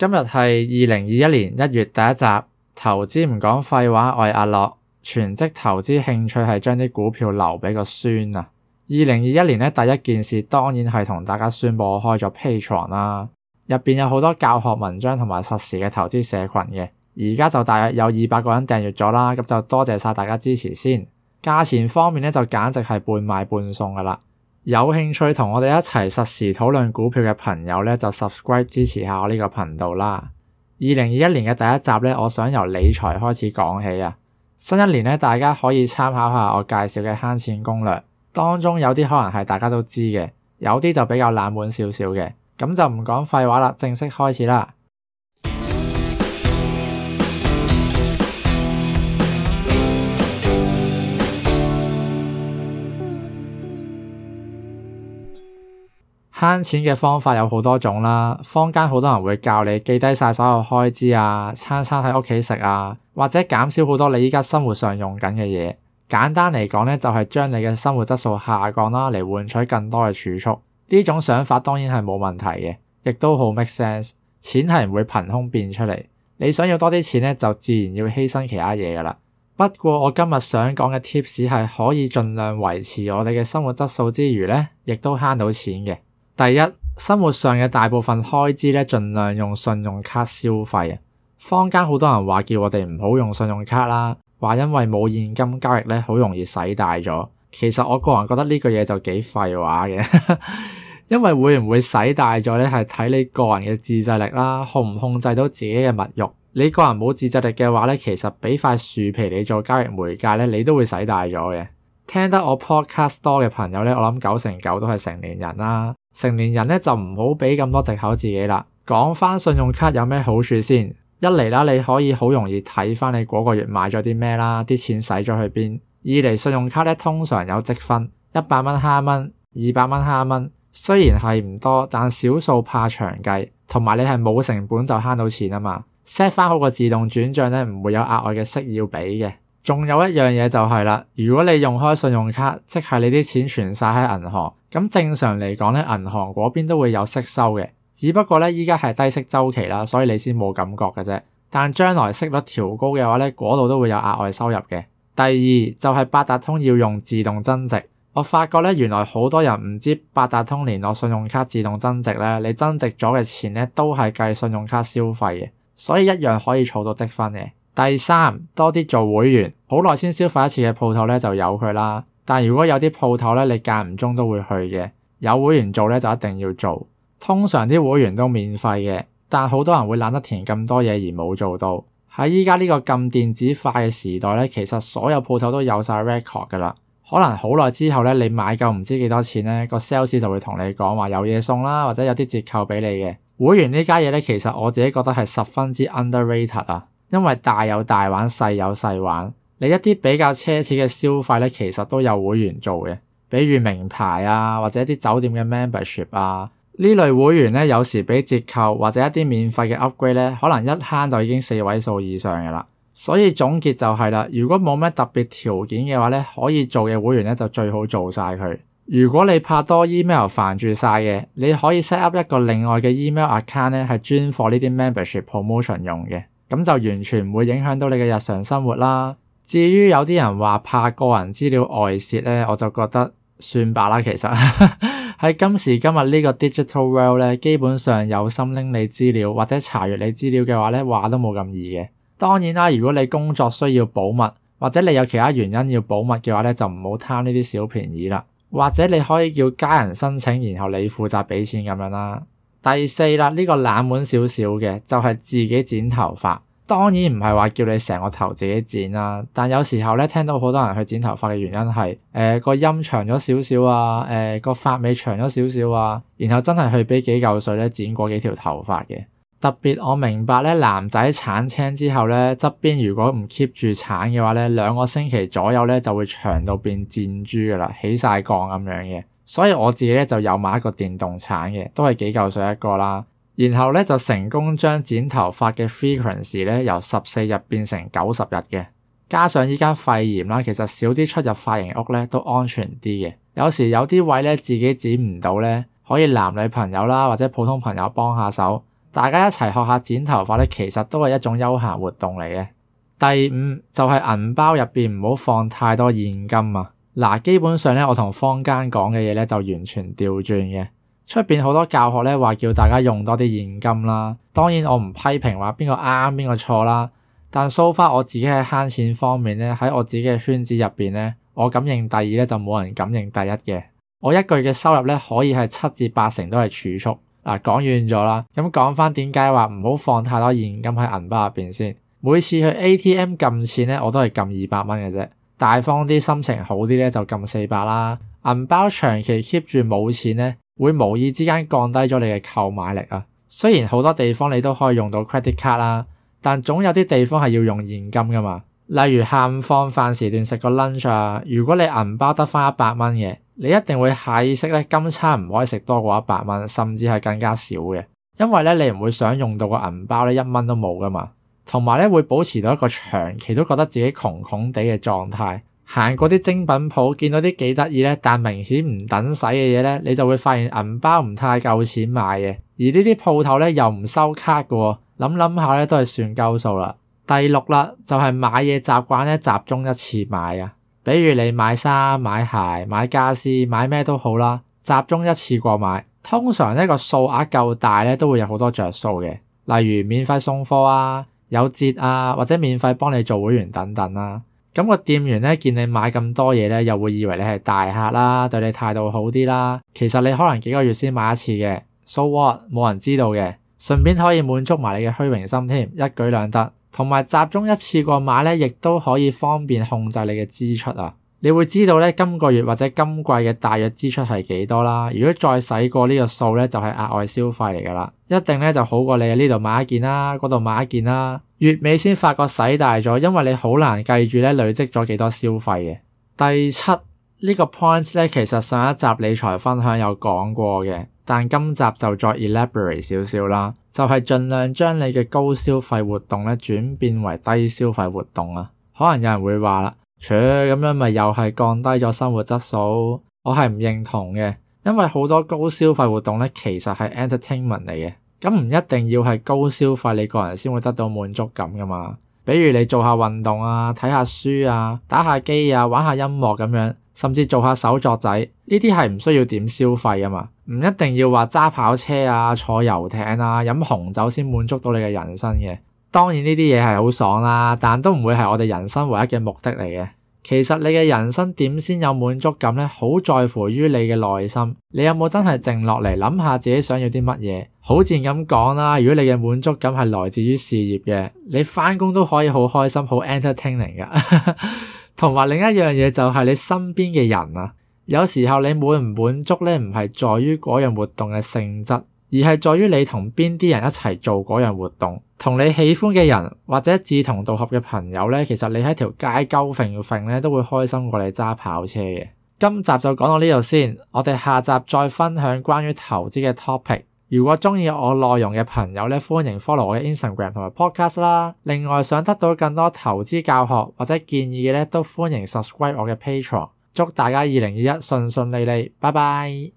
今日係二零二一年一月第一集，投資唔講廢話，我係阿樂，全職投資興趣係將啲股票留俾個孫啊。二零二一年咧第一件事，當然係同大家宣布我開咗 Patreon 啦，入邊有好多教學文章同埋實時嘅投資社群嘅，而家就大約有二百個人訂閱咗啦，咁就多謝晒大家支持先。價錢方面咧就簡直係半賣半送噶啦。有興趣同我哋一齊實時討論股票嘅朋友呢，就 subscribe 支持下我呢個頻道啦。二零二一年嘅第一集呢，我想由理財開始講起啊。新一年呢，大家可以參考下我介紹嘅慳錢攻略，當中有啲可能係大家都知嘅，有啲就比較冷門少少嘅。咁就唔講廢話啦，正式開始啦。慳錢嘅方法有好多種啦，坊間好多人會教你記低晒所有開支啊，餐餐喺屋企食啊，或者減少好多你依家生活上用緊嘅嘢。簡單嚟講呢，就係將你嘅生活質素下降啦，嚟換取更多嘅儲蓄。呢種想法當然係冇問題嘅，亦都好 make sense。錢係唔會憑空變出嚟，你想要多啲錢呢，就自然要犧牲其他嘢噶啦。不過我今日想講嘅 tips 係可以盡量維持我哋嘅生活質素之餘呢，亦都慳到錢嘅。第一，生活上嘅大部分開支咧，盡量用信用卡消費。坊間好多人話叫我哋唔好用信用卡啦，話因為冇現金交易咧，好容易使大咗。其實我個人覺得呢句嘢就幾廢話嘅， 因為會唔會使大咗咧，係睇你個人嘅自制力啦，控唔控制到自己嘅物慾。你個人冇自制力嘅話咧，其實俾塊樹皮你做交易媒介咧，你都會使大咗嘅。聽得我 podcast 多嘅朋友咧，我諗九成九都係成年人啦。成年人咧就唔好俾咁多藉口自己啦。講翻信用卡有咩好處先？一嚟啦，你可以好容易睇翻你嗰個月買咗啲咩啦，啲錢使咗去邊。二嚟，信用卡咧通常有積分，一百蚊慳蚊，二百蚊慳蚊。1, 雖然係唔多，但少數怕長計，同埋你係冇成本就慳到錢啊嘛。set 翻好個自動轉賬咧，唔會有額外嘅息要俾嘅。仲有一樣嘢就係、是、啦，如果你用開信用卡，即係你啲錢存晒喺銀行。咁正常嚟講咧，銀行嗰邊都會有息收嘅，只不過咧依家係低息週期啦，所以你先冇感覺嘅啫。但將來息率調高嘅話咧，嗰度都會有額外收入嘅。第二就係八達通要用自動增值，我發覺咧原來好多人唔知八達通聯絡信用卡自動增值咧，你增值咗嘅錢咧都係計信用卡消費嘅，所以一樣可以儲到積分嘅。第三多啲做會員，好耐先消費一次嘅鋪頭咧就由佢啦。但如果有啲鋪頭咧，你間唔中都會去嘅。有會員做咧，就一定要做。通常啲會員都免費嘅，但好多人會懶得填咁多嘢而冇做到。喺依家呢個咁電子化嘅時代咧，其實所有鋪頭都有晒 record 噶啦。可能好耐之後咧，你買夠唔知幾多錢咧，個 sales 就會同你講話有嘢送啦，或者有啲折扣俾你嘅。會員呢家嘢咧，其實我自己覺得係十分之 under rated 啊，因為大有大玩，細有細玩。你一啲比較奢侈嘅消費咧，其實都有會員做嘅，比如名牌啊，或者一啲酒店嘅 membership 啊，呢類會員咧，有時俾折扣或者一啲免費嘅 upgrade 咧，可能一慳就已經四位數以上嘅啦。所以總結就係啦，如果冇咩特別條件嘅話咧，可以做嘅會員咧就最好做晒佢。如果你怕多 email 煩住晒嘅，你可以 set up 一個另外嘅 email account 咧，係專 for 呢啲 membership promotion 用嘅，咁就完全唔會影響到你嘅日常生活啦。至於有啲人話怕個人資料外泄咧，我就覺得算吧啦。其實喺 今時今日呢個 digital world 咧，基本上有心拎你資料或者查閱你資料嘅話咧，話都冇咁易嘅。當然啦，如果你工作需要保密或者你有其他原因要保密嘅話咧，就唔好貪呢啲小便宜啦。或者你可以叫家人申請，然後你負責俾錢咁樣啦。第四啦，呢個冷門少少嘅就係自己剪頭髮。當然唔係話叫你成個頭自己剪啦、啊，但有時候咧聽到好多人去剪頭髮嘅原因係，誒、呃、個音長咗少少啊，誒、呃、個髮尾長咗少少啊，然後真係去俾幾嚿水咧剪過幾條頭髮嘅。特別我明白咧男仔鏟青之後咧，側邊如果唔 keep 住鏟嘅話咧，兩個星期左右咧就會長到變箭豬噶啦，起晒槓咁樣嘅。所以我自己咧就有買一個電動鏟嘅，都係幾嚿水一個啦。然後咧就成功將剪頭髮嘅 frequency 咧由十四日變成九十日嘅，加上依家肺炎啦，其實少啲出入髮型屋咧都安全啲嘅。有時有啲位咧自己剪唔到咧，可以男女朋友啦或者普通朋友幫下手，大家一齊學下剪頭髮咧，其實都係一種休閒活動嚟嘅。第五就係、是、銀包入邊唔好放太多現金啊！嗱、啊，基本上咧我同坊間講嘅嘢咧就完全調轉嘅。出邊好多教學咧，話叫大家用多啲現金啦。當然我唔批評話邊個啱邊個錯啦。但 so far 我自己喺慳錢方面咧，喺我自己嘅圈子入邊咧，我敢認第二咧就冇人敢認第一嘅。我一個月嘅收入咧可以係七至八成都係儲蓄。嗱，講遠咗啦。咁講翻點解話唔好放太多現金喺銀包入邊先。每次去 ATM 撳錢咧，我都係撳二百蚊嘅啫。大方啲，心情好啲咧就撳四百啦。銀包長期 keep 住冇錢咧，會無意之間降低咗你嘅購買力啊！雖然好多地方你都可以用到 credit card 啦、啊，但總有啲地方係要用現金㗎嘛。例如下午放飯時段食個 lunch 啊，如果你銀包得返一百蚊嘅，你一定會下意識咧，今餐唔可以食多過一百蚊，甚至係更加少嘅，因為咧你唔會想用到個銀包咧一蚊都冇㗎嘛。同埋咧會保持到一個長期都覺得自己窮窮哋嘅狀態。行過啲精品鋪，見到啲幾得意咧，但明顯唔等使嘅嘢咧，你就會發現銀包唔太夠錢買嘅。而呢啲鋪頭咧又唔收卡嘅喎，諗諗下咧都係算夠數啦。第六啦，就係買嘢習慣咧集中一次買啊，比如你買衫、買鞋、買傢俬、買咩都好啦，集中一次過買，通常呢個數額夠大咧都會有好多着數嘅，例如免費送貨啊、有折啊，或者免費幫你做會員等等啦。咁個店員咧見你買咁多嘢咧，又會以為你係大客啦，對你態度好啲啦。其實你可能幾個月先買一次嘅，so what，冇人知道嘅，順便可以滿足埋你嘅虛榮心添，一舉兩得。同埋集中一次過買咧，亦都可以方便控制你嘅支出啊。你會知道咧今個月或者今季嘅大約支出係幾多啦。如果再使過呢個數咧，就係額外消費嚟㗎喇，一定咧就好過你喺呢度買一件啦，嗰度買一件啦。月尾先發覺使大咗，因為你好難計住咧累積咗幾多消費嘅。第七呢個 point 咧，其實上一集理財分享有講過嘅，但今集就再 elaborate 少少啦，就係盡量將你嘅高消費活動咧轉變為低消費活動啊。可能有人會話啦，咁樣咪又係降低咗生活質素？我係唔認同嘅，因為好多高消費活動咧其實係 entertainment 嚟嘅。咁唔一定要係高消費，你個人先會得到滿足感噶嘛？比如你做下運動啊，睇下書啊，打下機啊，玩下音樂咁樣，甚至做下手作仔，呢啲係唔需要點消費噶嘛？唔一定要話揸跑車啊，坐遊艇啊，飲紅酒先滿足到你嘅人生嘅。當然呢啲嘢係好爽啦，但都唔會係我哋人生唯一嘅目的嚟嘅。其實你嘅人生點先有滿足感呢？好在乎於你嘅內心。你有冇真係靜落嚟諗下想想自己想要啲乜嘢？好賤咁講啦，如果你嘅滿足感係來自於事業嘅，你翻工都可以好開心、好 entertaining 㗎。同 埋另一樣嘢就係你身邊嘅人啊，有時候你滿唔滿足呢？唔係在於嗰樣活動嘅性質。而係在於你同邊啲人一齊做嗰樣活動，同你喜歡嘅人或者志同道合嘅朋友咧，其實你喺條街鳩揈揈咧，都會開心過你揸跑車嘅。今集就講到呢度先，我哋下集再分享關於投資嘅 topic。如果中意我內容嘅朋友咧，歡迎 follow 我嘅 Instagram 同埋 podcast 啦。另外想得到更多投資教學或者建議嘅咧，都歡迎 subscribe 我嘅 Patreon。祝大家二零二一順順利利，拜拜。